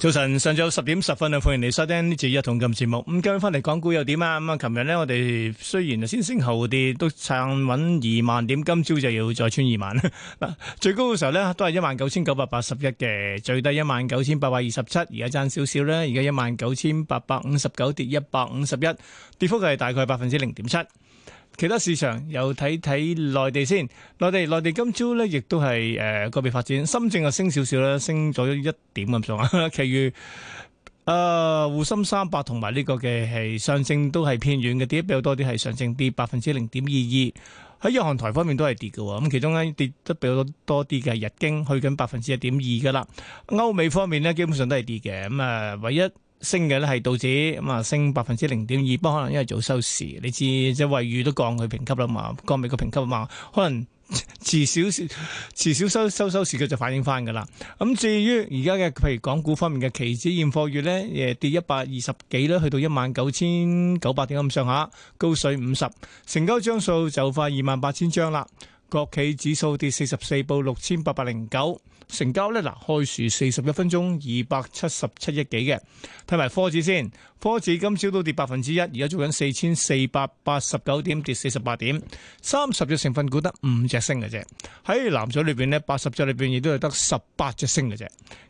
早晨，上晝十點十分啊，歡迎你收聽呢次一桶金節目。咁今日翻嚟講股又點啊？咁啊，琴日呢，我哋雖然先升後跌，都撐穩二萬點，今朝就要再穿二萬啦。 最高嘅時候呢都係一萬九千九百八十一嘅，最低 19, 27, 一萬九千八百二十七，而家爭少少呢，而家一萬九千八百五十九，跌一百五十一，跌幅係大概百分之零點七。其他市場又睇睇內地先，內地內地今朝咧亦都係誒個別發展，深圳啊升少少啦，升咗一點咁上下。 其餘啊，滬、呃、深三百同埋呢個嘅係上證都，都係偏軟嘅，跌比較多啲，係上證跌，跌百分之零點二二。喺日韓台方面都係跌嘅，咁其中咧跌得比較多啲嘅，日經去緊百分之一點二嘅啦。歐美方面咧基本上都係跌嘅，咁、呃、啊唯一升嘅咧係道指咁啊，升百分之零點二，不可能因為早收市，你知即係惠譽都降佢評級啦嘛，降美國評級啊嘛，可能遲少少，遲少收收收市佢就反映翻噶啦。咁、嗯、至於而家嘅譬如港股方面嘅期指現貨月咧，誒跌一百二十幾咧，去到一萬九千九百點咁上下，高水五十，成交張數就快二萬八千張啦。國企指數跌四十四，報六千八百零九，成交呢？嗱，開市四十一分鐘二百七十七億幾嘅。睇埋科指先，科指今朝都跌百分之一，而家做緊四千四百八十九點，跌四十八點，三十隻成分股得五隻升嘅啫。喺藍籌裏邊呢，八十隻裏邊亦都係得十八隻升嘅啫。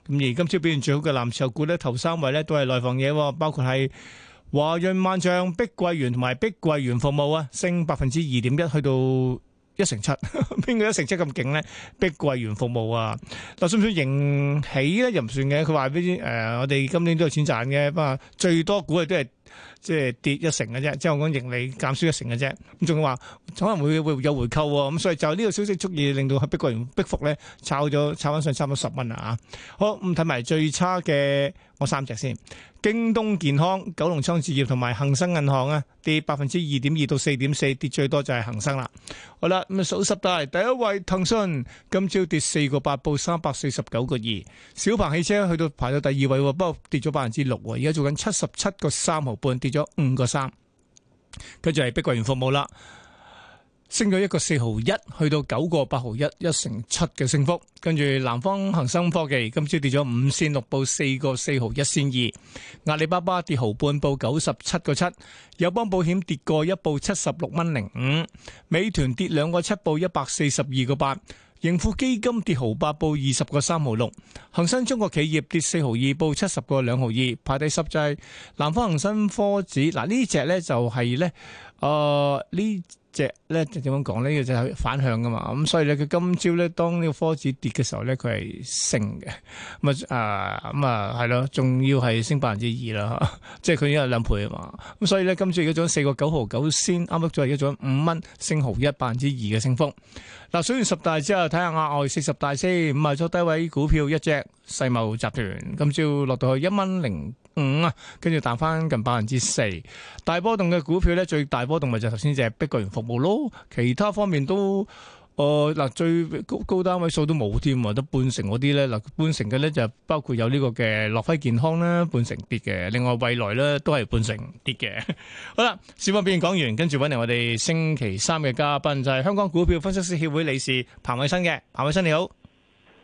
咁而今朝表現最好嘅藍籌股呢，頭三位呢都係內房嘢，包括係華潤萬象、碧桂園同埋碧桂園服務啊，升百分之二點一，去到，一成七，邊個一成七咁勁咧？逼貴元服務啊，但算唔算要認喜咧？又唔算嘅。佢話啲誒，我哋今年都有錢賺嘅，不過，最多估嘅都係。即係跌一成嘅啫，即係我講盈利減少一成嘅啫。咁仲要話可能會會有回購喎、啊，咁所以就呢個消息足以令到碧桂園逼服咧，炒咗炒翻上差唔多十蚊啦吓，好，咁睇埋最差嘅我三隻先，京東健康、九龍倉置業同埋恒生銀行咧，跌百分之二點二到四點四，跌最多就係恒生啦。好啦，咁數十大第一位騰訊，今朝跌四個八，報三百四十九個二。小鵬汽車去到排到第二位喎，不、哦、過跌咗百分之六喎，而家做緊七十七個三毫半跌咗五個三，跟住係碧桂園服務啦，升咗一個四毫一，去到九個八毫一，一成七嘅升幅。跟住南方恒生科技今朝跌咗五綫六報四個四毫一綫二，阿里巴巴跌毫半報九十七個七，友邦保險跌過一報七十六蚊零五，美團跌兩個七報一百四十二個八。盈富基金跌毫八，報二十個三毫六；恒生中國企業跌四毫二，報七十個兩毫二。排第十就係南方恒生科指，嗱呢隻呢就係、是、呢。誒，呢、呃、隻咧就點樣講呢？呢隻係反向噶嘛，咁、嗯、所以咧佢今朝咧當呢個科指跌嘅時候咧，佢係升嘅，咁、嗯、啊咁啊係咯，仲、嗯嗯嗯嗯嗯、要係升百分之二啦，即係佢已依家兩倍啊嘛，咁所以咧今朝而家做咗四個九毫九先。啱啱做咗一種五蚊升毫一百分之二嘅升幅。嗱、啊，選完十大之後，睇下額外四十大先，咁啊做低位股票一隻世貿集團，今朝落到去一蚊零五啊，跟住彈翻近百分之四，大波動嘅股票咧最大。嗰個動物就頭先就係碧桂園服務咯，其他方面都誒嗱最高高單位數都冇添，或者半成嗰啲咧嗱半成嘅咧就包括有呢個嘅樂輝健康咧半成跌嘅，另外蔚來咧都係半成跌嘅。好啦，小方片講完，跟住搵嚟我哋星期三嘅嘉賓就係香港股票分析師協會理事彭偉新嘅，彭偉新你好。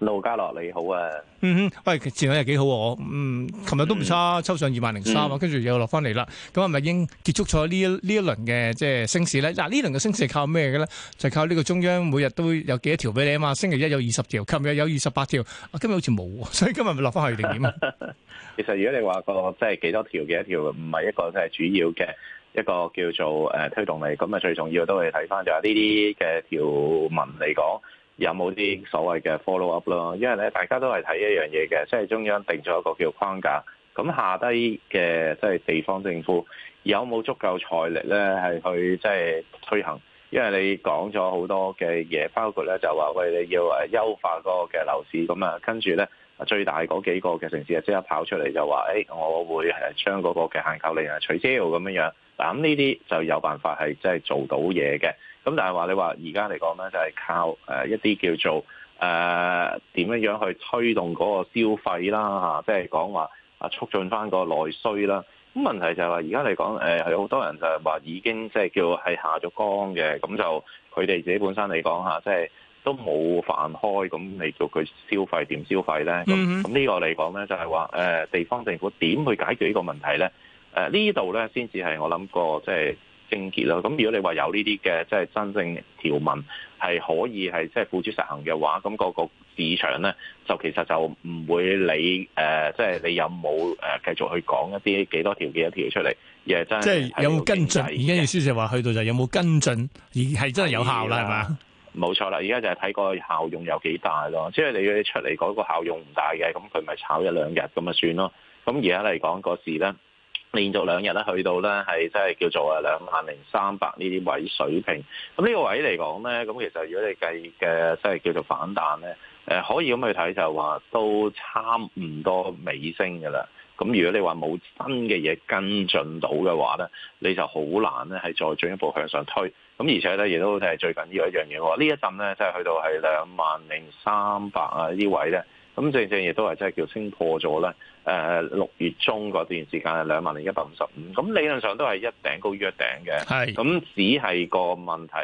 路家樂你好啊，嗯哼，喂、哎，前兩日幾好，嗯，琴日都唔差，抽上二萬零三啊，跟住又落翻嚟啦，咁係咪已經結束咗呢呢一輪嘅即係升市咧？嗱，啊、輪呢輪嘅升市係靠咩嘅咧？就係、是、靠呢個中央每日都有幾多條俾你啊嘛，星期一有二十條，琴日有二十八條，啊、今日好似冇，所以今日咪落翻去定點啊？ 其實如果你話個即係幾多條、幾多條唔係一個即係主要嘅一個叫做誒、呃、推動力，咁啊最重要都係睇翻就係呢啲嘅條文嚟講。有冇啲所謂嘅 follow up 咯？因為咧，大家都係睇一樣嘢嘅，即係中央定咗一個叫框架，咁下低嘅即係地方政府有冇足夠財力咧，係去即係推行？因為你講咗好多嘅嘢，包括咧就話喂，你要誒優化個嘅樓市，咁啊，跟住咧最大嗰幾個嘅城市啊，即刻跑出嚟就話誒、欸，我會誒將嗰個嘅限購令啊取消咁樣樣。嗱，咁呢啲就有辦法係即係做到嘢嘅。咁但係話你話而家嚟講咧，就係靠誒一啲叫做誒點樣樣去推動嗰個消費啦嚇，即係講話啊促進翻個內需啦。咁問題就係話而家嚟講誒，係、呃、好多人就係話已經即係叫係下咗崗嘅，咁就佢哋自己本身嚟講嚇，即係都冇飯開，咁你叫佢消費點消費咧？咁咁呢個嚟講咧，就係話誒地方政府點去解決呢個問題咧？誒、呃、呢度咧先至係我諗過即係症結啦，咁如果你話有呢啲嘅即係真正條文係可以係即係付諸實行嘅話，咁、那個個市場咧就其實就唔會理誒，即係你有冇誒繼續去講一啲幾多條、幾多條出嚟，而係真係，即係有冇跟進？而家意思就係話去到就有冇跟進，而係真係有效啦，係嘛的？冇吧錯啦，而家就係睇個效用有幾大咯。即係你出嚟嗰個效用唔大嘅，咁佢咪炒一兩日咁啊算咯。咁而家嚟講個事咧。連續兩日咧去到咧係即係叫做啊兩萬零三百呢啲位水平，咁呢個位嚟講咧，咁其實如果你計嘅即係叫做反彈咧，誒、呃、可以咁去睇就話都差唔多尾聲嘅啦。咁如果你話冇新嘅嘢跟進到嘅話咧，你就好難咧係再進一步向上推。咁而且咧亦都係最近呢樣嘢嘅呢一陣咧即係去到係兩萬零三百啊呢位咧，咁正正亦都係即係叫升破咗咧。誒六、uh, 月中嗰段時間係兩萬零一百五十五，咁理論上都係一頂高於一頂嘅，係咁。只係個問題，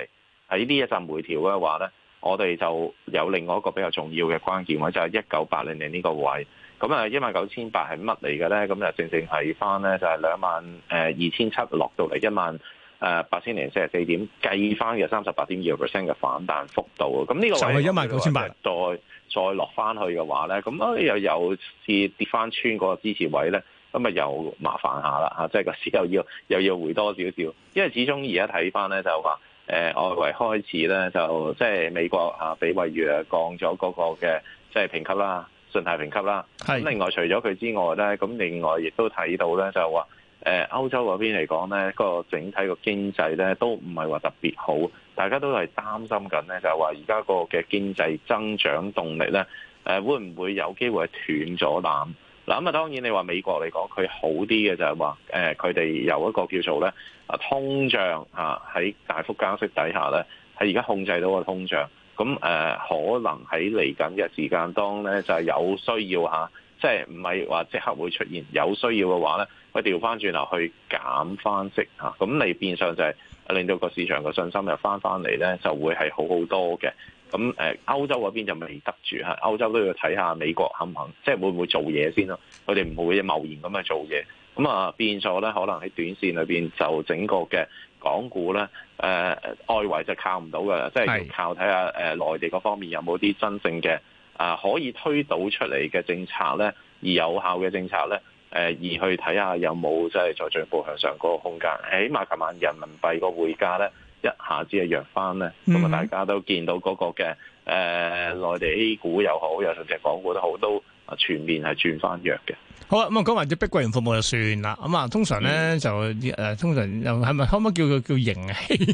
喺呢一陣回調嘅話呢，我哋就有另外一個比較重要嘅關鍵位，就係一九八零年呢個位，咁啊一萬九千八係乜嚟嘅呢？咁就正正係翻呢，就係兩萬誒二千七落到嚟一萬。Uh, 2, 誒八千零四十四點計翻嘅三十八點二個 percent 嘅反彈幅度啊！咁、這、呢個就係一萬九千八，1, 8, 8再再落翻去嘅話咧，咁啊又又跌跌翻穿嗰個支持位咧，咁啊又麻煩下啦嚇、啊，即係個市又要又要回多少少，因為始終而家睇翻咧就話誒、呃、外圍開始咧就即係美國啊俾惠譽降咗嗰個嘅即係評級啦，信貸評級啦。係是。另外除咗佢之外咧，咁另外亦都睇到咧就話。誒歐洲嗰邊嚟講咧，個整體個經濟咧都唔係話特別好，大家都係擔心緊咧，就係話而家個嘅經濟增長動力咧，誒會唔會有機會係斷咗纜？嗱咁啊，當然你話美國嚟講，佢好啲嘅就係話誒，佢、呃、哋有一個叫做咧啊通脹嚇喺大幅加息底下咧，係而家控制到個通脹。咁誒可能喺嚟緊嘅時間當咧，就係、是、有需要嚇，即係唔係話即刻會出現有需要嘅話咧。佢調翻轉頭去減翻息嚇，咁、啊、你變相就係、是、令到個市場嘅信心又翻翻嚟咧，就會係好好多嘅。咁、啊、誒，歐洲嗰邊就未得住嚇、啊，歐洲都要睇下美國肯唔肯，即係會唔會做嘢先咯。佢哋唔會貿然咁去做嘢。咁啊，變相咧，可能喺短線裏邊就整個嘅港股咧，誒、啊、外圍就靠唔到㗎喇，即係是靠睇下誒、啊、內地嗰方面有冇啲真正嘅啊可以推倒出嚟嘅政策咧，而有效嘅政策咧。誒，而去睇下有冇即係再進步向上嗰個空間。起碼琴晚人民幣個匯價咧，一下子係弱翻咧，咁啊、mm，hmm。大家都見到嗰個嘅誒、呃，內地 A 股又好，又甚至港股都好，都啊全面係轉翻弱嘅。好啦，咁啊，講埋隻碧桂園服務就算啦。咁啊，通常咧、嗯、就誒，通常又係咪可唔可以叫佢叫盈喜？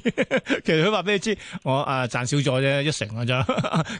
其實佢話俾你知，我啊賺少咗啫，一成噶咋，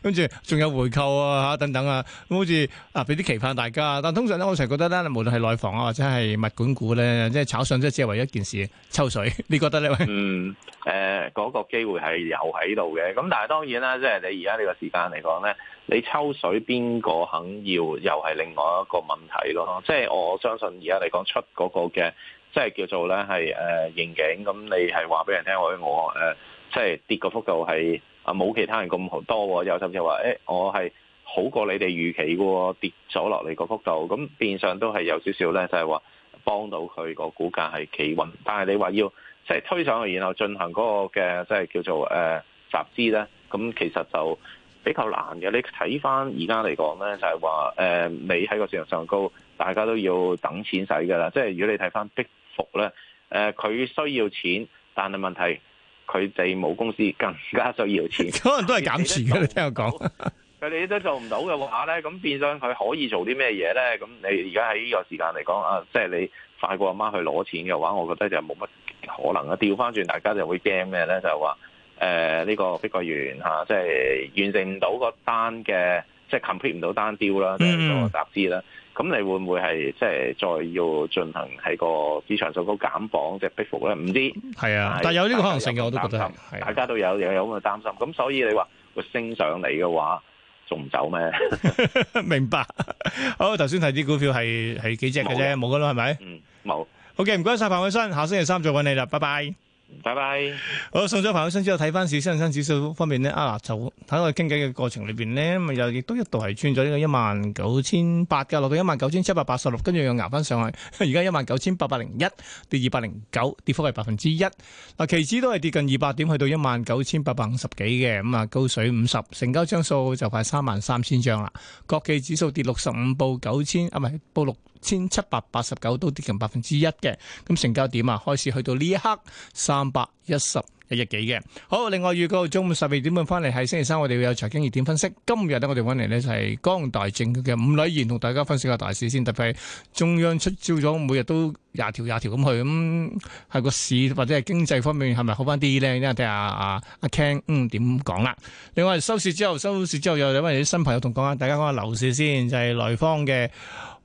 跟住仲有回購啊，吓等等啊，咁好似啊俾啲期盼大家。但通常咧，我成日覺得咧，無論係內房啊或者係物管股咧，即係炒上都只係為一件事抽水。 你覺得咧？嗯，誒、呃，嗰、那個機會係有喺度嘅。咁但係當然啦，即、就、係、是、你而家呢個時間嚟講咧，你抽水邊個肯要，又係另外一個問題咯。即係我相信而家嚟講出嗰個嘅，即係叫做咧係誒應景。咁、呃、你係話俾人聽，我我誒、呃、即係跌個幅度係啊冇其他人咁好多，有甚至話誒、欸、我係好過你哋預期嘅喎，跌咗落嚟個幅度，咁變相都係有少少咧，就係話幫到佢個股價係企穩。但係你話要即係推上去，然後進行嗰個嘅即係叫做誒、呃、集資咧，咁其實就比較難嘅。你睇翻而家嚟講咧，就係話誒你喺個市場上高。大家都要等錢使㗎啦，即係如果你睇翻碧福咧，誒、呃、佢需要錢，但係問題佢哋冇公司更加需要錢， 可能都係減錢嘅。你聽我講，佢哋都做唔到嘅 話咧，咁變相佢可以做啲咩嘢咧？咁你而家喺呢個時間嚟講啊，即係你快過阿媽，媽去攞錢嘅話，我覺得就冇乜可能啊。調翻轉，大家就會驚咩咧？就話誒呢個碧桂園嚇，即係完成唔到個單嘅，即係 complete 唔到單標啦，即係個集資啦。嗯咁你會唔會係即係再要進行喺個市場首高減磅，即係跌幅咧？唔知係啊，但係有呢個可能性嘅，我都覺得大家都有、啊、有咁嘅擔心。咁所以你話會升上嚟嘅話，仲唔走咩？ 明白。好，頭先睇啲股票係係幾隻嘅啫，冇㗎啦，係咪？是是嗯，冇。好嘅，唔該晒。彭偉生，下星期三再揾你啦，拜拜，拜拜。好，送咗彭偉生之後，睇返市，恒生指數方面咧啊，就、啊。啊啊啊啊啊啊喺我哋傾偈嘅過程裏邊呢，咪又亦都一度係穿咗呢個一萬九千八嘅，落到一萬九千七百八十六，跟住又捱翻上去，而家一萬九千八百零一，跌二百零九，跌幅係百分之一。嗱，期指都係跌近二百點，去到一萬九千八百五十幾嘅，咁啊高水五十，成交張數就快三萬三千張啦。國企指數跌六十五，報九千，啊唔係，報六千七百八十九，都跌近百分之一嘅。咁成交點啊，開始去到呢一刻三百一十。一日幾嘅好，另外預告中午十二點半翻嚟係星期三，我哋會有財經熱點分析。今日咧，我哋揾嚟呢，就係江代政嘅五女賢同大家分析下大市先，特別係中央出招咗，每日都廿條廿條咁去，咁、嗯、係個市或者係經濟方面係咪好翻啲咧？一睇下阿阿 Ken 嗯點講啦？另外收市之後，收市之後又有位嘢新朋友同講下。大家講下樓市先，就係、是、來方嘅。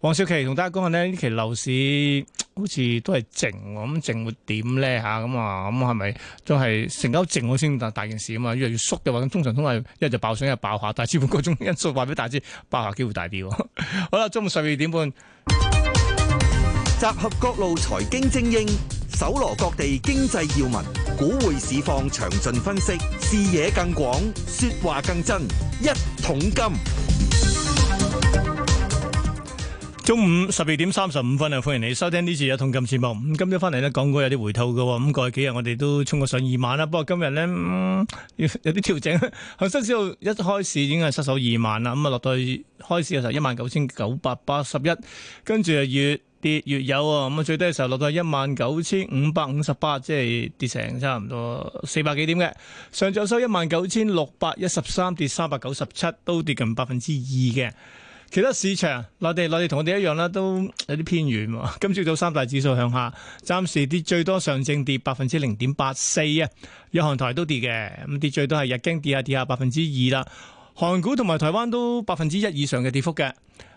黃少琪同大家講下咧，呢期樓市好似都係靜，咁靜會點咧吓？咁啊，咁係咪都係成交靜先大件事啊？嘛，越嚟越縮嘅話，通常都係一日就爆上，一日爆下，但係主要各種因素話俾大家知，爆下機會大啲。 好啦，中午十二點半，集合各路財經精英，搜羅各地經濟要聞，股匯市況詳盡分析，視野更廣，說話更真，一桶金。中午十二點三十五分啊，歡迎你收聽呢次嘅《一桶金》節目。咁今朝翻嚟呢，講過有啲回吐嘅，咁過去幾日我哋都衝過上二萬啦。不過今日呢，嗯、有啲調整。恒生指數一開市已經係失守二萬啦。咁啊，落到去開市嘅時候，一萬九千九百八十一，跟住啊，越跌越有啊。咁啊，最低嘅時候落到一萬九千五百五十八，即係跌成差唔多四百幾點嘅。上晝收一萬九千六百一十三，跌三百九十七，都跌近百分之二嘅。其他市場，內地內地同我哋一樣啦，都有啲偏遠。今朝早三大指數向下，暫時跌最多，上證跌百分之零點八四啊，日韓台都跌嘅，咁跌最多係日經跌下跌下百分之二啦，韓股同埋台灣都百分之一以上嘅跌幅嘅。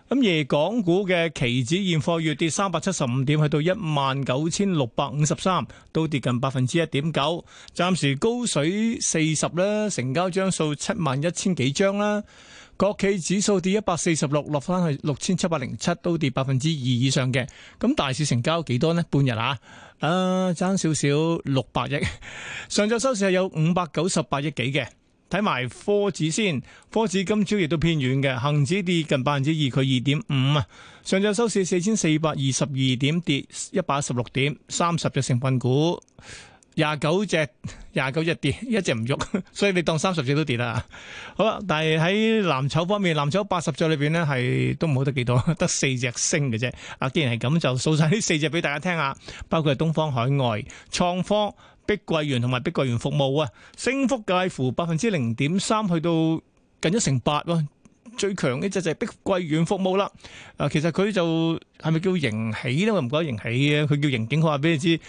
咁而港股嘅期指現貨月跌三百七十五點，去到一萬九千六百五十三，都跌近百分之一點九。暫時高水四十啦，成交張數七萬一千幾張啦。國企指數跌一百四十六，落翻去六千七百零七，都跌百分之二以上嘅。咁大市成交幾多呢？半日啊，誒、呃，爭少少六百億。上晝收市係有五百九十八億幾嘅。睇埋科指先，科指今朝亦都偏軟嘅，恒指跌近百分之二，佢二點五啊。上晝收市四千四百二十二點，跌一百一十六點，三十隻成分股。廿九隻，廿九隻跌，一隻唔喐，所以你當三十隻都跌啦。好啦，但係喺藍籌方面，藍籌八十隻裏邊咧，係都唔好得幾多，得四隻升嘅啫。既然係咁就數晒呢四隻俾大家聽下，包括係東方海外、創科、碧桂園同埋碧桂園服務啊，升幅介乎百分之零點三，去到近一成八喎。最強呢隻就係碧桂園服務啦。啊，其實佢就係咪叫盈起咧？我唔覺得盈起嘅，佢叫盈景，我話俾你知。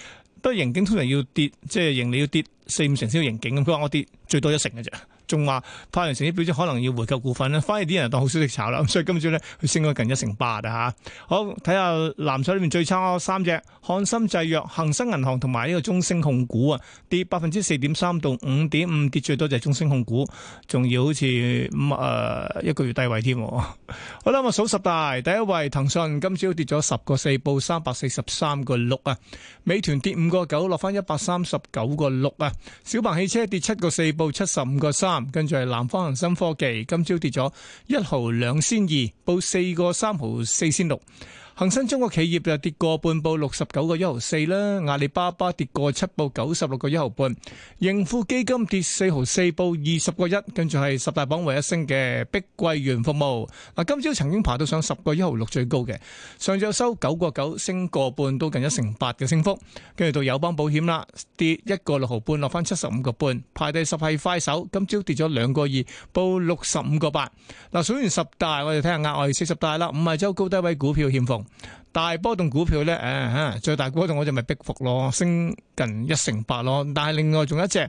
不過盈警通常要跌，即係盈利要跌四五成先叫盈警。咁，佢話我跌最多一成嘅啫。仲話派完成績表示可能要回購股份咧，反而啲人當好消息炒啦，所以今朝咧佢升咗近一成八啊嚇！好睇下藍籌裏面最差三隻：翰森製藥、恒生銀行同埋呢個中升控股啊，跌百分之四點三到五點五，跌最多就係中升控股，仲要好似咁誒一個月低位添。好啦，我數十大第一位騰訊，今朝跌咗十個四，報三百四十三個六啊；美團跌五個九，落翻一百三十九個六啊；小鵬汽車跌七個四，報七十五個三。跟住係南方恒生科技，今朝跌咗一毫兩仙二，報四個三毫四仙六。恒生中國企業就跌過半報，六十九個一毫四啦。阿里巴巴跌過七報，九十六個一毫半。盈富基金跌四毫四報，二十個一。跟住係十大榜唯一升嘅碧桂園服務。嗱，今朝曾經爬到上十個一毫六最高嘅，上晝收九個九，升個半都近一成八嘅升幅。跟住到友邦保險啦，跌一個六毫半，落翻七十五個半。排第十係快手，今朝跌咗兩個二，報六十五個八。嗱，數完十大，我哋睇下額外四十大啦。五日周高低位股票欠奉。大波動股票咧，誒、啊、吓，最大波動我就咪逼伏咯升近一成八咯。但係另外仲有一隻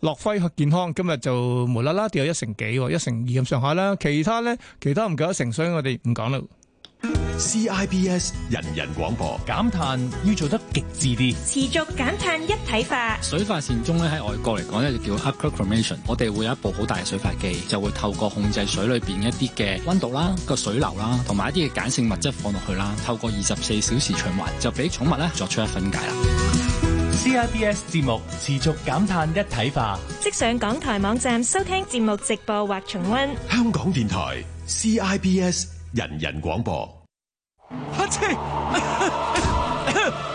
樂輝健康今日就無啦啦跌一成幾，一成二咁上下啦。其他咧？其他唔夠一成，所以我哋唔講啦。CIBS 人人廣播，減碳要做得極致啲，持續減碳一體化。水化善終咧，喺外國嚟講咧就叫 hypercrimation。我哋會有一部好大嘅水化機，就會透過控制水裏邊一啲嘅温度啦、個水流啦，同埋一啲嘅鹼性物質放落去啦，透過二十四小時循環，就俾寵物咧作出一分解啦。CIBS 節目持續減碳一體化，即上港台網站收聽節目直播或重温。香港電台 CIBS 人人廣播。哈切！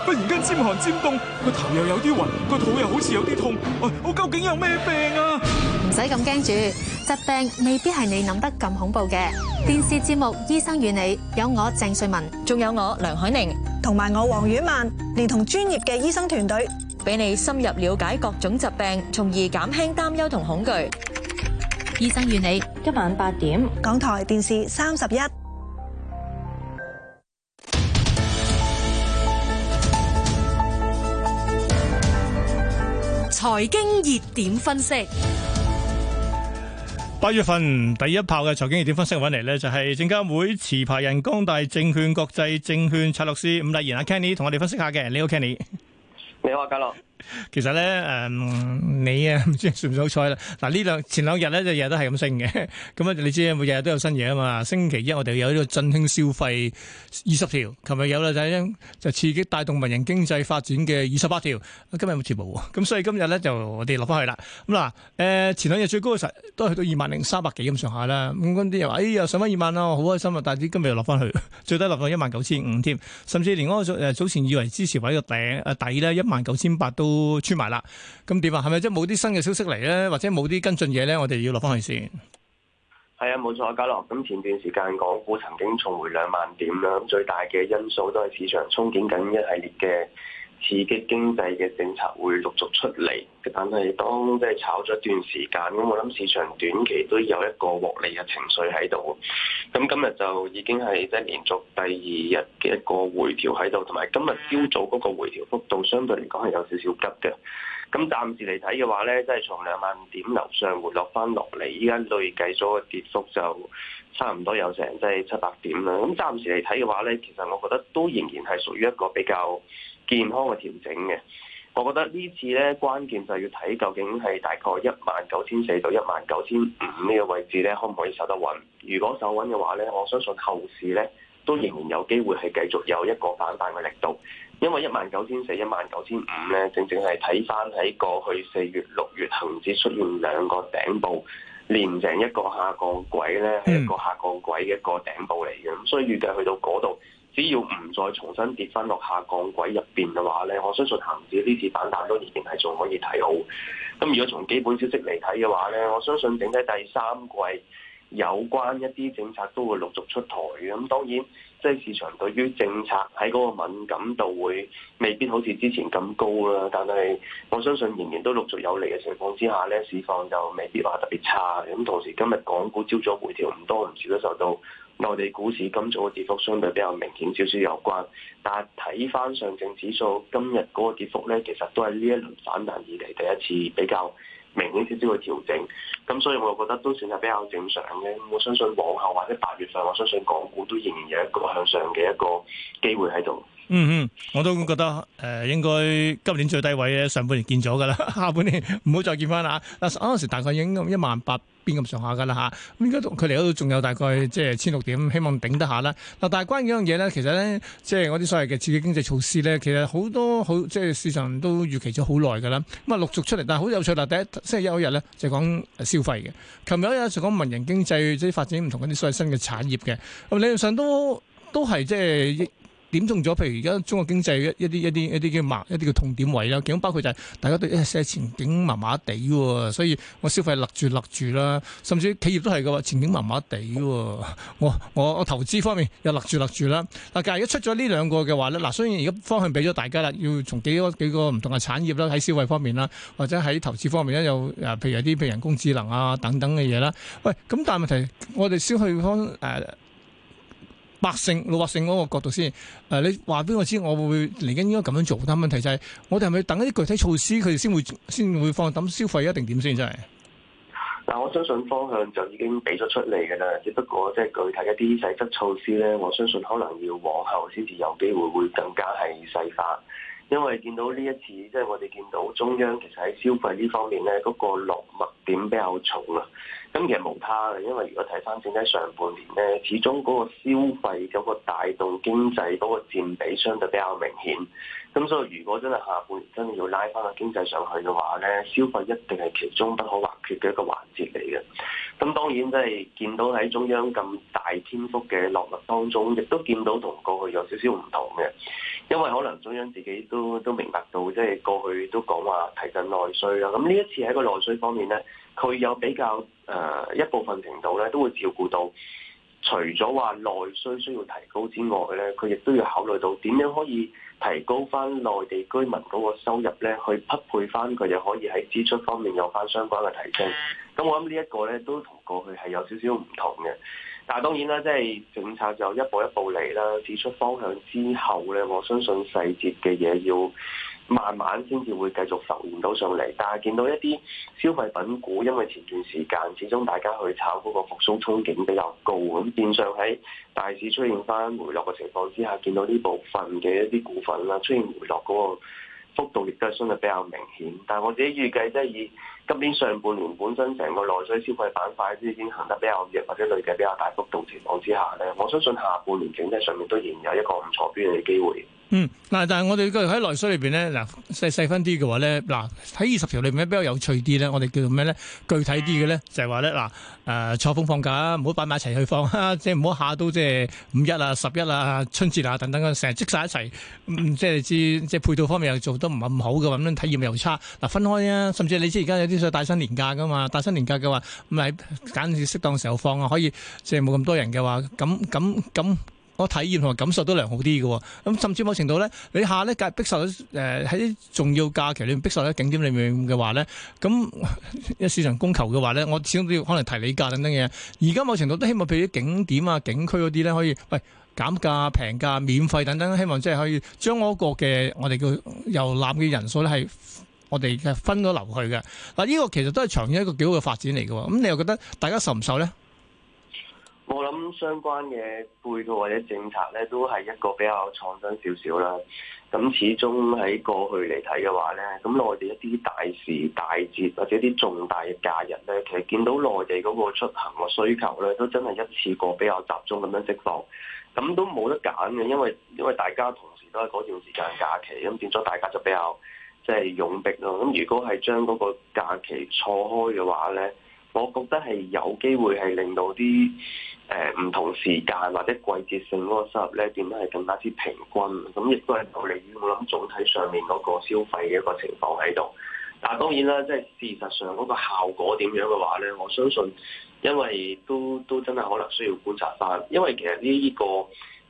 忽然間尖寒尖凍，個頭又有啲暈，個肚又好似有啲痛。喂，我究竟有咩病啊？唔使咁驚住，疾病未必係你諗得咁恐怖嘅。電視節目《醫生與你》有我鄭瑞文，仲有我梁海寧，同埋我黃婉曼，連同專業嘅醫生團隊，俾你深入了解各種疾病，從而減輕擔憂同恐懼。《醫生與你》今晚八點，港台電視三十一。財經熱點分析。八月份第一炮嘅財經熱點分析揾嚟咧就係證監會持牌人光大證券國際證券策略師伍麗賢阿 Kenny，同我哋分析下嘅。你好，Kenny。你好啊，嘉樂。其實咧，誒、嗯，你啊，唔知算唔算好彩啦。嗱，呢兩前兩日咧，就日日都係咁升嘅。咁啊，你知每日日都有新嘢啊嘛。星期一我哋有呢個振興消費二十條，琴日有啦，就就刺激帶動民營經濟發展嘅二十八條。今日冇全部。咁所以今日咧就我哋落翻去啦。咁嗱，誒，前兩日最高嘅時候都係去到 20, 二萬零三百幾咁上下啦。咁嗰啲又話，哎呀，上翻二萬啦，我好開心啊！但係啲今日又落翻去，最低落到一萬九千五添，甚至連我早前以為支持位嘅頂底咧，一萬九千八都。都穿埋啦，咁點啊？係咪即係冇啲新嘅消息嚟咧，或者冇啲跟進嘢咧？我哋要落翻去先。係啊，冇錯啊，嘉樂。咁前段時間港股曾經重回兩萬點啦，咁最大嘅因素都係市場憧憬緊一系列嘅。刺激經濟嘅政策會陸續出嚟，但係當即係炒咗一段時間，咁我諗市場短期都有一個獲利嘅情緒喺度。咁今日就已經係即係連續第二日嘅一個回調喺度，同埋今日朝早嗰個回調幅度相對嚟講係有少少急嘅。咁暫時嚟睇嘅話咧，即係從兩萬點樓上回落翻落嚟，依家累計咗個跌幅就差唔多有成即係七百點啦。咁暫時嚟睇嘅話咧，其實我覺得都仍然係屬於一個比較。健康嘅調整嘅，我覺得呢次咧關鍵就要睇究竟係大概一萬九千四到一萬九千五呢個位置咧，可唔可以守得穩？如果守穩嘅話咧，我相信後市咧都仍然有機會係繼續有一個反彈嘅力度，因為一萬九千四一萬九千五咧，正正係睇翻喺過去四月六月恆指出現兩個頂部，連成一個下降軌咧，係一個下降軌嘅一個頂部嚟嘅，咁所以預計去到嗰度。只要唔再重新跌翻落下降軌入邊嘅話咧，我相信恒指呢次反彈都仍然係仲可以睇好。咁如果從基本消息嚟睇嘅話咧，我相信整體第三季有關一啲政策都會陸續出台嘅。咁當然，即係市場對於政策喺嗰個敏感度會未必好似之前咁高啦。但係我相信仍然都陸續有利嘅情況之下咧，市況就未必話特別差。咁同時今日港股朝早回調，唔多唔少都受到內地股市今早嘅跌幅相對比較明顯少少有關，但係睇翻上證指數今日嗰個跌幅呢，其實都係呢一輪反彈以嚟第一次比較明顯少少嘅調整，咁所以我覺得都算係比較正常嘅。我相信往後或者八月份，我相信港股都仍然有一個向上嘅一個機會喺度。嗯嗯，我都覺得誒、呃、應該今年最低位咧，上半年見咗噶啦， 下半年唔好再見翻啦嗱，嗰陣時大概已經一萬八邊咁上下噶啦吓，咁應該佢嚟到仲有大概即係千六點，希望頂得下啦。嗱，但係關於一樣嘢咧，其實咧，即係嗰啲所謂嘅刺激經濟措施咧，其實好多好即係市場都預期咗好耐噶啦。咁啊，陸續出嚟，但係好有趣啦。第一，星期一嗰日咧就講消費嘅，琴日嗰日就講民營經濟即係發展唔同嗰啲所謂新嘅產業嘅，理論上都都係即係。點中咗，譬如而家中國經濟一啲一啲一啲嘅麻一啲嘅痛點位啦，咁包括就係大家都一寫、哎、前景麻麻地喎，所以我消費勒住勒住啦，甚至企業都係嘅喎，前景麻麻地喎，我我我投資方面又勒住勒住啦。嗱，但係如果出咗呢兩個嘅話咧，嗱，雖然而家方向俾咗大家啦，要從幾多幾個唔同嘅產業啦，喺消費方面啦，或者喺投資方面咧，有誒譬如有啲譬如人工智能啊等等嘅嘢啦。喂，咁但係問題，我哋消費方誒。呃百姓老百姓嗰個角度先，誒你話俾我知？我會唔會嚟緊應該咁樣做，但問題就係、是，我哋係咪等一啲具體措施佢哋先會先會放膽消費一，一定點先？真係嗱，我相信方向就已經俾咗出嚟嘅啦，只不過即係具體一啲細則措施咧，我相信可能要往後先至有機會會更加係細化，因為見到呢一次即係、就是、我哋見到中央其實喺消費呢方面咧，嗰、那個落墨點比較重啊。咁其實無他嘅，因為如果睇翻整體上半年咧，始終嗰個消費嗰個帶動經濟嗰個佔比相對比較明顯，咁所以如果真係下半年真係要拉翻個經濟上去嘅話咧，消費一定係其中不可或缺嘅一個環節嚟嘅。咁當然即係見到喺中央咁大篇幅嘅落物當中，亦都見到同過去有少少唔同嘅，因為可能中央自己都都明白到，即係過去都講話提振內需啦。咁呢一次喺個內需方面咧。佢有比較誒、呃、一部分程度咧，都會照顧到。除咗話內需需要提高之外咧，佢亦都要考慮到點樣可以提高翻內地居民嗰個收入咧，去匹配翻佢哋可以喺支出方面有翻相關嘅提升。咁我諗呢一個咧都同過去係有少少唔同嘅。但係當然啦，即、就、係、是、政策就一步一步嚟啦，指出方向之後咧，我相信細節嘅嘢要慢慢先至會繼續浮現到上嚟，但係見到一啲消費品股，因為前段時間始終大家去炒嗰、那個復甦憧憬比較高，咁變相喺大市出現翻回落嘅情況之下，見到呢部分嘅一啲股份啦出現回落嗰個幅度亦都係相對比較明顯，但係我自己預計即係以。今年上半年本身成個內需消費板塊都已經行得比較弱，或者對嘅比較大，大幅度情況之下咧，我相信下半年整體上面都仍然有一個唔錯邊嘅機會。嗯，嗱，但係我哋喺內需裏邊咧，嗱細細分啲嘅話咧，嗱喺二十條裏邊比較有趣啲咧，我哋叫做咩咧？具體啲嘅咧，就係話咧，嗱、呃、誒錯峰放假唔好擺埋一齊去放，即係唔好下到即係五一啊、十一啊、春節啊等等，成日積晒一齊、嗯，即係知即係配套方面又做得唔係咁好嘅話，咁樣體驗又差。嗱，分開啊，甚至你知而家有啲。再帶薪年假噶嘛？帶薪年假嘅話，唔係揀住適當時候放啊，可以即係冇咁多人嘅話，咁咁咁，我體驗同埋感受都良好啲嘅、哦。咁、嗯、甚至某程度咧，你下咧，介逼晒喺誒喺重要假期裏面逼晒喺景點裏面嘅話咧，咁、嗯、一市場供求嘅話咧，我始終都要可能提你價等等嘢。而家某程度都希望，譬如啲景點啊、景區嗰啲咧，可以喂減價、平價、免費等等，希望即係可以將嗰個嘅我哋叫遊覽嘅人數咧係。我哋分咗流去嘅嗱，呢個其實都係長遠一個幾好嘅發展嚟嘅喎。咁你又覺得大家受唔受呢？我諗相關嘅配套或者政策咧，都係一個比較創新少少啦。咁始終喺過去嚟睇嘅話咧，咁內地一啲大時大節或者啲重大嘅假日咧，其實見到內地嗰個出行嘅需求咧，都真係一次過比較集中咁樣釋放，咁都冇得揀嘅，因為因為大家同時都係嗰段時間假期，咁變咗大家就比較。即係湧逼咯，咁如果係將嗰個假期錯開嘅話咧，我覺得係有機會係令到啲誒唔同時間或者季節性嗰個收入咧，變得係更加之平均，咁亦都係有利於我諗總體上面嗰個消費嘅一個情況喺度。但係當然啦，即係事實上嗰個效果點樣嘅話咧，我相信因為都都真係可能需要觀察翻，因為其實呢、呢個。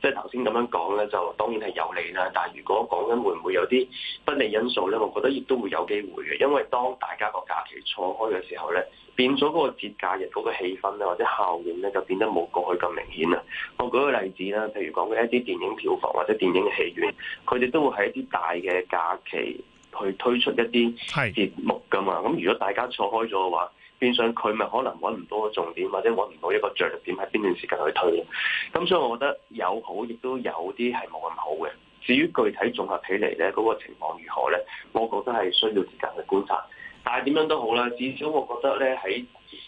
即係頭先咁樣講咧，就當然係有利啦。但係如果講緊會唔會有啲不利因素咧？我覺得亦都會有機會嘅，因為當大家個假期錯開嘅時候咧，變咗個節假日嗰個氣氛咧，或者效應咧，就變得冇過去咁明顯啦。我舉個例子啦，譬如講嘅一啲電影票房或者電影戲院，佢哋都會喺一啲大嘅假期去推出一啲節目㗎嘛。咁如果大家錯開咗嘅話，變相佢咪可能揾唔到個重點，或者揾唔到一個着力點喺邊段時間去推咯。咁所以，我覺得有好，亦都有啲係冇咁好嘅。至於具體綜合起嚟咧，嗰、那個情況如何咧？我覺得係需要時間去觀察。但係點樣都好啦，至少我覺得咧喺。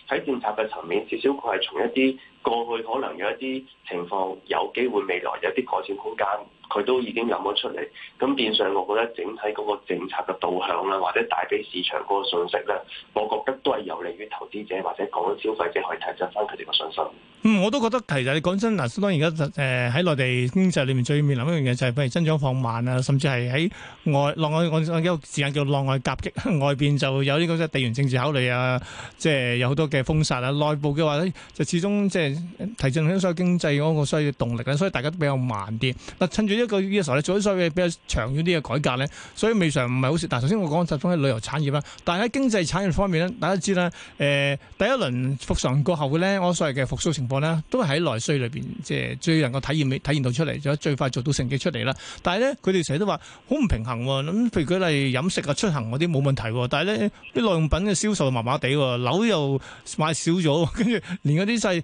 喺政策嘅層面，至少佢係從一啲過去可能有一啲情況有機會未來有啲改善空間，佢都已經有咗出嚟。咁變相我覺得整體嗰個政策嘅導向啦，或者帶俾市場嗰個信息咧，我覺得都係有利於投資者或者講消費者可以提振翻佢哋嘅信心。嗯，我都覺得其實你講真嗱，當然而家誒喺內地經濟裏面最要面臨一樣嘢就係譬如增長放慢啊，甚至係喺外浪外我我一個時間叫浪外夾擊，外邊就有呢個地緣政治考慮啊，即係有。好多嘅封殺啦，內部嘅話咧就始終即係提振香港經濟嗰個需要動力咧，所以大家都比較慢啲。嗱，趁住一個月嘅時候咧，做啲所謂嘅比較長遠啲嘅改革咧，所以未常唔係好事。但係首先我講集中喺旅遊產業啦，但係喺經濟產業方面咧，大家知啦，誒、呃、第一輪復常過後嘅咧，我所謂嘅復甦情況咧，都係喺內需裏邊，即係最能夠體驗、體現到出嚟，就最快做到成績出嚟啦。但係咧，佢哋成日都話好唔平衡喎。咁譬如舉例飲食啊、出行嗰啲冇問題喎，但係咧啲耐用品嘅銷售麻麻地喎，樓又，買少咗，跟住連嗰啲細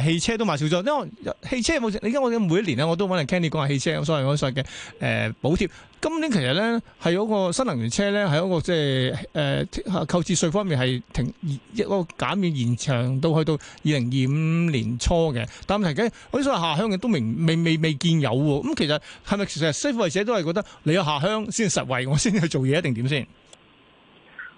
誒汽車都買少咗，因為汽車冇，你而家我哋每一年咧，我都揾人 Candy 講下汽車所謂嗰啲嘅誒補貼。今年其實咧係嗰個新能源車咧係嗰個即係誒購置稅方面係停一嗰個減免延長到去到二零二五年初嘅。但問題緊嗰啲所謂下鄉嘅都明未未未見有喎。咁、嗯、其實係咪其實消費者都係覺得你有下鄉先實惠，我先去做嘢，一定點先？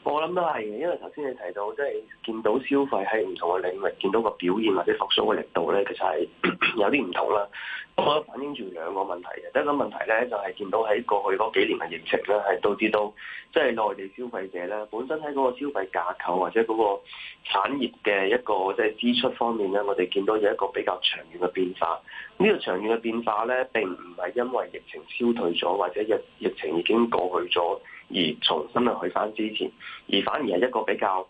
我諗都係因為頭先你提到，即係見到消費喺唔同嘅領域見到個表現或者復甦嘅力度咧，其實係有啲唔同啦。咁我覺得反映住兩個問題嘅，第一個問題咧就係、是、見到喺過去嗰幾年嘅疫情咧，係導致到即係內地消費者咧本身喺嗰個消費架構或者嗰個產業嘅一個即係支出方面咧，我哋見到有一個比較長遠嘅變化。呢、這個長遠嘅變化咧，並唔係因為疫情消退咗或者疫疫情已經過去咗。而重新去翻之前，而反而係一個比較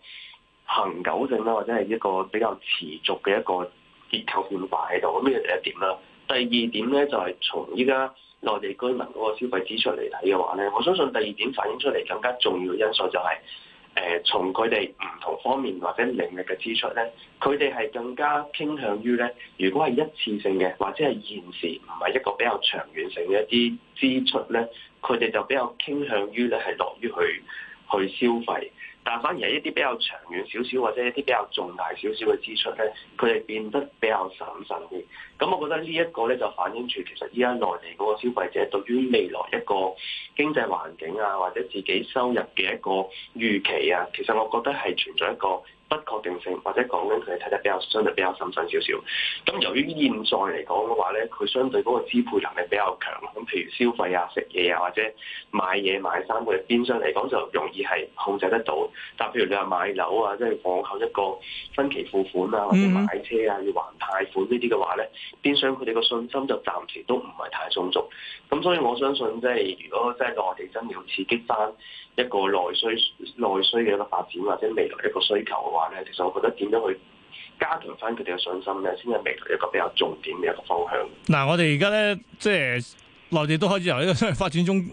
恒久性啦，或者係一個比較持續嘅一個結構變化喺度，咁呢個第一點啦。第二點咧就係從依家內地居民嗰個消費支出嚟睇嘅話咧，我相信第二點反映出嚟更加重要嘅因素就係、是。誒，從佢哋唔同方面或者領域嘅支出咧，佢哋係更加傾向於咧，如果係一次性嘅或者係現時唔係一個比較長遠性嘅一啲支出咧，佢哋就比較傾向於咧係樂於去去消費。但反而係一啲比較長遠少少或者一啲比較重大少少嘅支出咧，佢哋變得比較謹慎啲。咁、嗯、我覺得呢一個咧就反映住其實依家內地嗰個消費者對於未來一個經濟環境啊，或者自己收入嘅一個預期啊，其實我覺得係存在一個不確定性，或者講緊，佢哋睇得比較相對比較審慎少少。咁由於現在嚟講嘅話咧，佢相對嗰個支配能力比較強。咁譬如消費啊、食嘢啊，或者買嘢買衫，佢哋邊商嚟講就容易係控制得到。但譬如你話買樓啊，即係網購一個分期付款啊，或者買車啊要還貸款呢啲嘅話咧，邊商佢哋個信心就暫時都唔係太充足。咁所以我相信、就是，即係如果即係內地真要刺激翻一個內需內需嘅一個發展，或者未來一個需求嘅話，其實我覺得點樣去加強翻佢哋嘅信心咧，先係未來一個比較重點嘅一個方向。嗱，我哋而家咧，即係。內地都開始由呢個發展中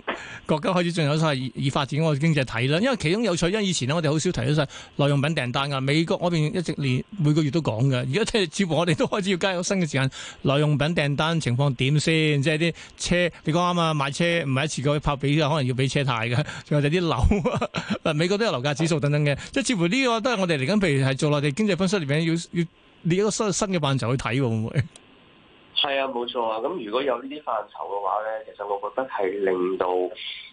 國家開始進入一啲以，以發展嗰個經濟體啦，因為其中有趣，因為以前我哋好少提到曬內用品訂單噶，美國嗰邊一直連每個月都講嘅。而家即係似乎我哋都開始要加入新嘅時間，內用品訂單情況點先？即係啲車，你講啱啊，買車唔係一次過拍俾，可能要俾車貸嘅，仲有就啲樓， 美國都有樓價指數等等嘅，是即係似乎呢、這個都係我哋嚟緊，譬如係做內地經濟分析嚟講，要要列一個新新嘅範疇去睇會唔會？係啊，冇錯啊。咁如果有呢啲範疇嘅話咧，其實我覺得係令到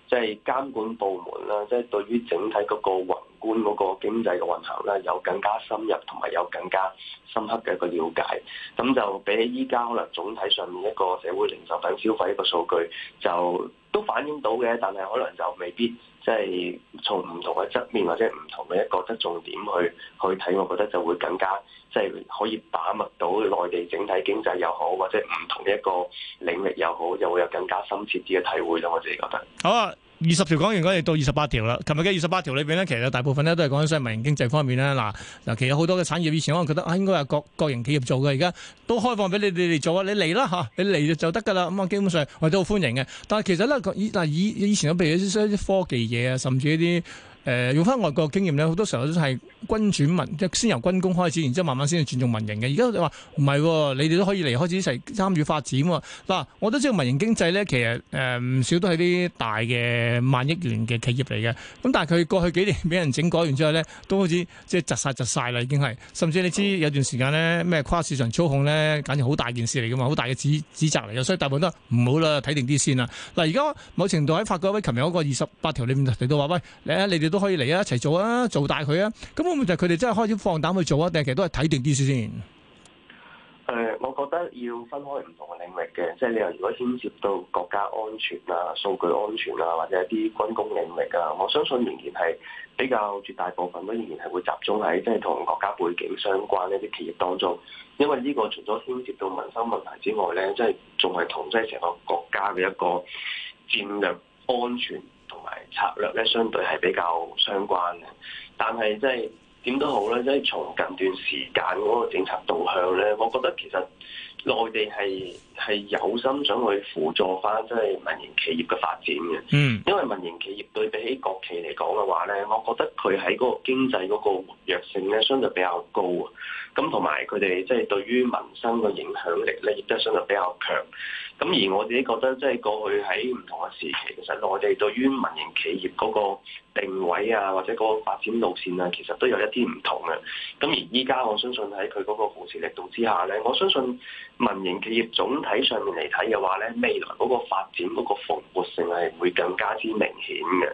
即係、就係、監管部門啦，即、就、係、係、對於整體嗰個宏觀嗰個經濟嘅運行咧，有更加深入同埋有更加深刻嘅一個了解。咁就比起依家可能總體上面一個社會零售品消費一個數據，就都反映到嘅，但係可能就未必。即係從唔同嘅側面，或者唔同嘅一個側重點去去睇，我覺得就會更加即係、就是、可以把握到內地整體經濟又好，或者唔同一個領域又好，又會有更加深切啲嘅體會咯。我自己覺得好啊。二十條講完嗰陣到二十八條啦，琴日嘅二十八條裏邊咧，其實大部分咧都係講緊商民營經濟方面啦。嗱嗱，其實好多嘅產業以前可能覺得啊，應該係國國營企業做嘅，而家都開放俾你哋嚟做啊，你嚟啦吓，你嚟就得噶啦，咁啊，基本上係、啊、都好歡迎嘅。但係其實咧，嗱以以前譬如一啲科技嘢啊，甚至一啲。誒用翻外國經驗咧，好多時候都係軍轉民，即係先由軍工開始，然之後慢慢先去轉做民營嘅。而家你話唔係，你哋都可以嚟開始一齊參與發展喎。嗱，我都知道民營經濟咧，其實誒唔、呃、少都係啲大嘅萬億元嘅企業嚟嘅。咁但係佢過去幾年俾人整改完之後咧，都開始即係窒晒窒晒啦，已經係。甚至你知有段時間咧，咩跨市場操控咧，簡直好大件事嚟嘅嘛，好大嘅指指責嚟。所以大部分都唔好啦，睇定啲先啦。嗱，而家某程度喺法國，佢琴日嗰個二十八條裏面提到話，喂，你你哋都。都可以嚟啊！一齊做啊！做大佢啊！咁會唔會就係佢哋真係開始放膽去做啊？定係其實都係睇定啲先事？誒、嗯，我覺得要分開唔同嘅領域嘅，即係你話如果牽涉到國家安全啊、數據安全啊或者一啲軍工領域啊，我相信仍然係比較絕大部分都仍然係會集中喺即係同國家背景相關嘅一啲企業當中，因為呢個除咗牽涉到民生問題之外咧，即係仲係同即係成個國家嘅一個戰略安全。同埋策略咧，相對係比較相關嘅。但係即係點都好咧，即係從近段時間嗰個政策導向咧，我覺得其實內地係係有心想去輔助翻即係民營企業嘅發展嘅。嗯，因為民營企業對比起國企嚟講嘅話咧，我覺得佢喺嗰個經濟嗰個活躍性咧相對比較高啊。咁同埋佢哋即係對於民生個影響力咧亦都相對比較強。咁而我自己覺得，即係過去喺唔同嘅時期，其實內地對於民營企業嗰個定位啊，或者嗰個發展路線啊，其實都有一啲唔同嘅。咁而依家我相信喺佢嗰個扶持力度之下咧，我相信民營企業總體上面嚟睇嘅話咧，未來嗰個發展嗰個蓬勃性係會更加之明顯嘅。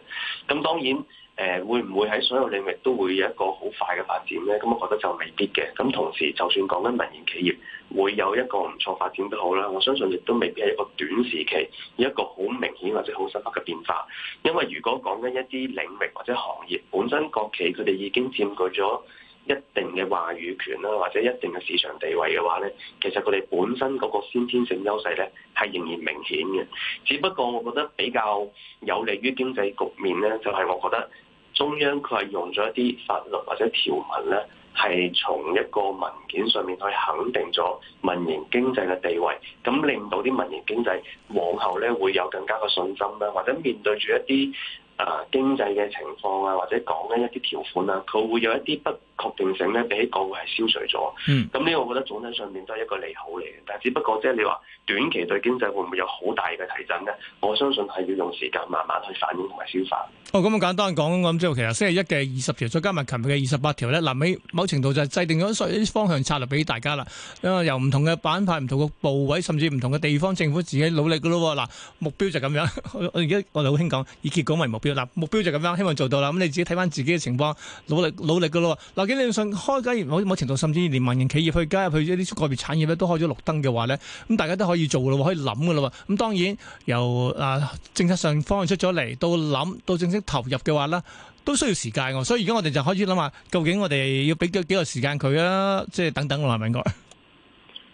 咁當然。誒會唔會喺所有領域都會有一個好快嘅發展呢？咁我覺得就未必嘅。咁同時，就算講緊民營企業會有一個唔錯發展都好啦，我相信亦都未必係一個短時期，有一個好明顯或者好深刻嘅變化。因為如果講緊一啲領域或者行業本身國企佢哋已經佔據咗一定嘅話語權啦，或者一定嘅市場地位嘅話呢，其實佢哋本身嗰個先天性優勢呢係仍然明顯嘅。只不過我覺得比較有利於經濟局面呢，就係我覺得。中央佢係用咗一啲法律或者條文咧，係從一個文件上面去肯定咗民營經濟嘅地位，咁令到啲民營經濟往後咧會有更加嘅信心啦，或者面對住一啲啊、呃、經濟嘅情況啊，或者講緊一啲條款啊，佢會有一啲不確定性咧，比起過去係消除咗。嗯，咁呢個我覺得總體上面都係一個利好嚟嘅。但係只不過即係你話短期對經濟會唔會有好大嘅提振咧？我相信係要用時間慢慢去反映同埋消化。哦，咁啊簡單講咁之後，其實星期一嘅二十條，再加埋琴日嘅二十八條咧，嗱，喺某程度就制定咗一啲方向策略俾大家啦。啊，由唔同嘅板塊、唔同嘅部位，甚至唔同嘅地方政府自己努力㗎咯。嗱，目標就咁樣。 我而家我哋好興講，以結果為目標。嗱，目標就咁樣，希望做到啦。咁你自己睇翻自己嘅情況，努力努力㗎咯。究竟你想開業？某某程度甚至於連民營企業去加入去一啲個別產業咧，都開咗綠燈嘅話咧，咁大家都可以做咯，可以諗嘅咯。咁當然由啊政策上方案出咗嚟，到諗到正式投入嘅話咧，都需要時間。所以而家我哋就開始諗下，究竟我哋要俾幾幾個時間佢啊？即係等等咯，係咪先？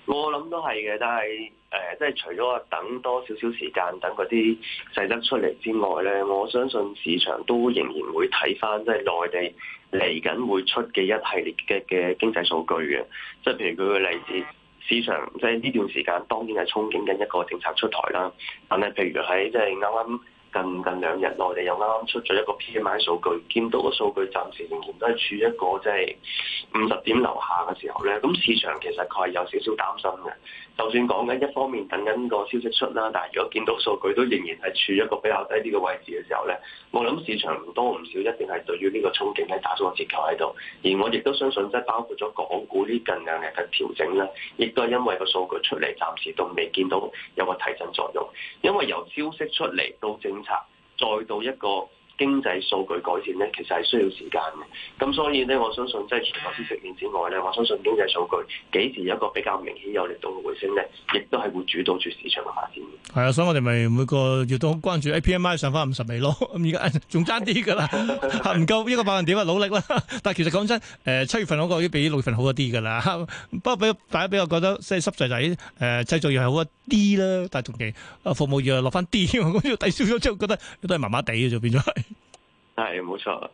我諗都係嘅，但係誒、呃，即係除咗話等多少少時間，等嗰啲細則出嚟之外咧，我相信市場都仍然會睇返，即係內地嚟緊會出嘅一系列嘅嘅經濟數據嘅。即係譬如舉個例子，市場即係呢段時間當然係憧憬緊一個政策出台啦。但係譬如喺即係啱啱。近近兩日，內地又啱啱出咗一個 PMI 數據，見到個數據暫時仍然都係處於一個即係五十點樓下嘅時候咧，咁市場其實佢係有少少擔心嘅。就算講緊一方面等緊個消息出啦，但係如果見到數據都仍然係處於一個比較低啲嘅位置嘅時候咧，我諗市場唔多唔少一定係對於呢個憧憬咧打咗個折扣喺度，而我亦都相信即係包括咗港股呢近兩日嘅調整咧，亦都係因為個數據出嚟暫時都未見到有個提振作用，因為由消息出嚟到政策再到一個經濟數據改善咧，其實係需要時間嘅。咁所以咧，我相信即係除咗消息面之外咧，我相信經濟數據幾時有一個比較明顯有力度嘅回升咧，亦都係會主導住市場嘅發展嘅。係 啊，所以我哋咪每個月都關注 A P M I 上翻五十釐咯。咁而家仲爭啲㗎啦，唔夠呢個百分點嘅努力啦！但係其實講真，誒、呃、七月份嗰個已經比六月份好一啲㗎啦。不過俾大家比較覺得即係濕滯滯，誒、呃、製造業係好一啲啦。但係同期服務業落翻啲，咁又抵消咗之後，覺得都係麻麻地嘅就變咗係。係冇錯。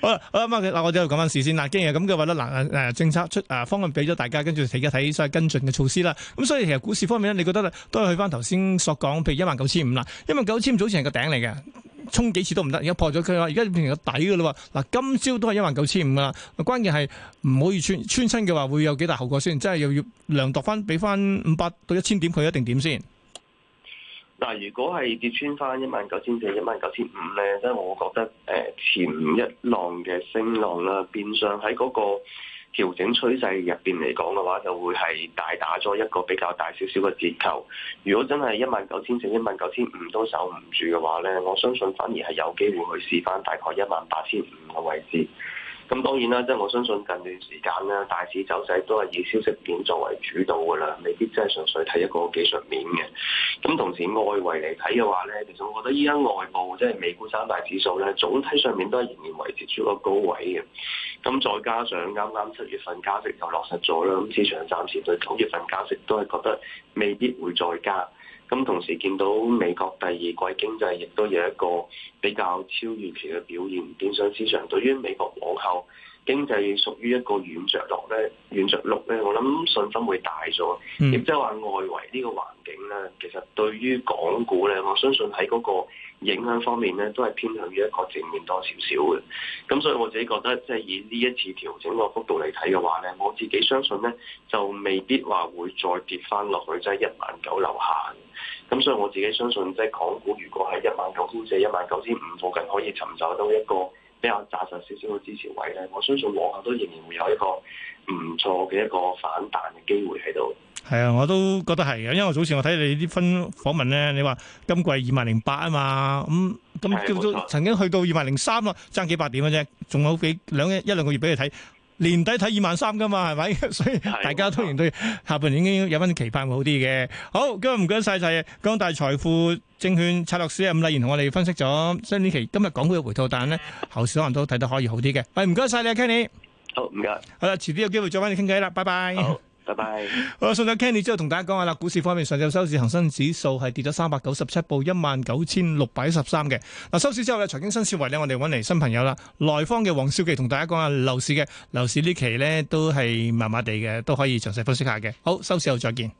好啦，好啦，咁啊，嗱，我哋喺度講翻事先啦。既然咁嘅話咧，嗱，誒、啊啊，政策出誒、啊、方案俾咗大家，跟住睇一睇所有跟進嘅措施啦。咁、啊、所以其實股市方面咧，你覺得咧都係去翻頭先所講，譬如一萬九千五啦，一萬九千五早前係個頂嚟嘅，衝幾次都唔得，而家破咗佢啦，而家變成個底嘅啦。嗱，今朝都係一萬九千五啦，關鍵係唔可以穿穿親嘅話，會有幾大後果先？即係又要量度翻，俾翻五百到一千點佢一定點先。嗱，但如果係跌穿翻一萬九千四、一萬九千五咧，即係我覺得誒前一浪嘅升浪啦、啊，變相喺嗰個調整趨勢入邊嚟講嘅話，就會係大打咗一個比較大少少嘅折扣。如果真係一萬九千四、一萬九千五都守唔住嘅話咧，我相信反而係有機會去試翻大概一萬八千五嘅位置。咁當然啦，即係我相信近段時間咧，大市走勢都係以消息面作為主導嘅啦，未必真係純粹睇一個技術面嘅。咁同時外圍嚟睇嘅話咧，其實我覺得依家外部即係美股三大指數咧，總體上面都係仍然維持於一個高位嘅。咁再加上啱啱七月份加息就落實咗啦，咁市場暫時對九月份加息都係覺得未必會再加。咁同時見到美國第二季經濟亦都有一個比較超預期嘅表現，點想市場對於美國往後經濟屬於一個軟着落咧、軟着陸咧，我諗信心會大咗。亦即係話外圍呢個環境咧，其實對於港股咧，我相信喺嗰個。影響方面咧，都係偏向於一個正面多少少嘅，咁所以我自己覺得，即係以呢一次調整個幅度嚟睇嘅話咧，我自己相信咧就未必話會再跌翻落去，即係一萬九樓下。咁所以我自己相信，即係港股如果喺一萬九千四、一萬九千五附近可以尋找到一個比較紮實少少嘅支持位咧，我相信往後都仍然會有一個唔錯嘅一個反彈嘅機會喺度。係啊，我都覺得係啊，因為我早前我睇你啲分訪問咧，你話今季二萬零八啊嘛，咁、嗯、咁叫做曾經去到二萬零三啦，爭幾百點嘅啫，仲好幾兩一兩個月俾你睇，年底睇二萬三噶嘛，係咪？所以大家都仍然對下半年已經有返啲期盼會好啲嘅。好，今日唔該曬曬，光大財富證券策略師啊，李賢同我哋分析咗上呢期今日港股嘅回吐，但係咧後市可能都睇得可以好啲嘅。唔該晒你啊，Kenny。好唔該，謝謝好啦，遲啲有機會再翻你傾偈啦，拜拜。拜拜。好，送上 Kenny 之後，同大家講下啦。股市方面，上晝收市，恒生指數係跌咗三百九十七點，一萬九千六百一十三嘅。嗱，收市之後咧，財經新思維咧，我哋揾嚟新朋友啦，內方嘅黃少記同大家講下樓市嘅，樓市呢期咧都係麻麻地嘅，都可以詳細分析下嘅。好，收市後再見。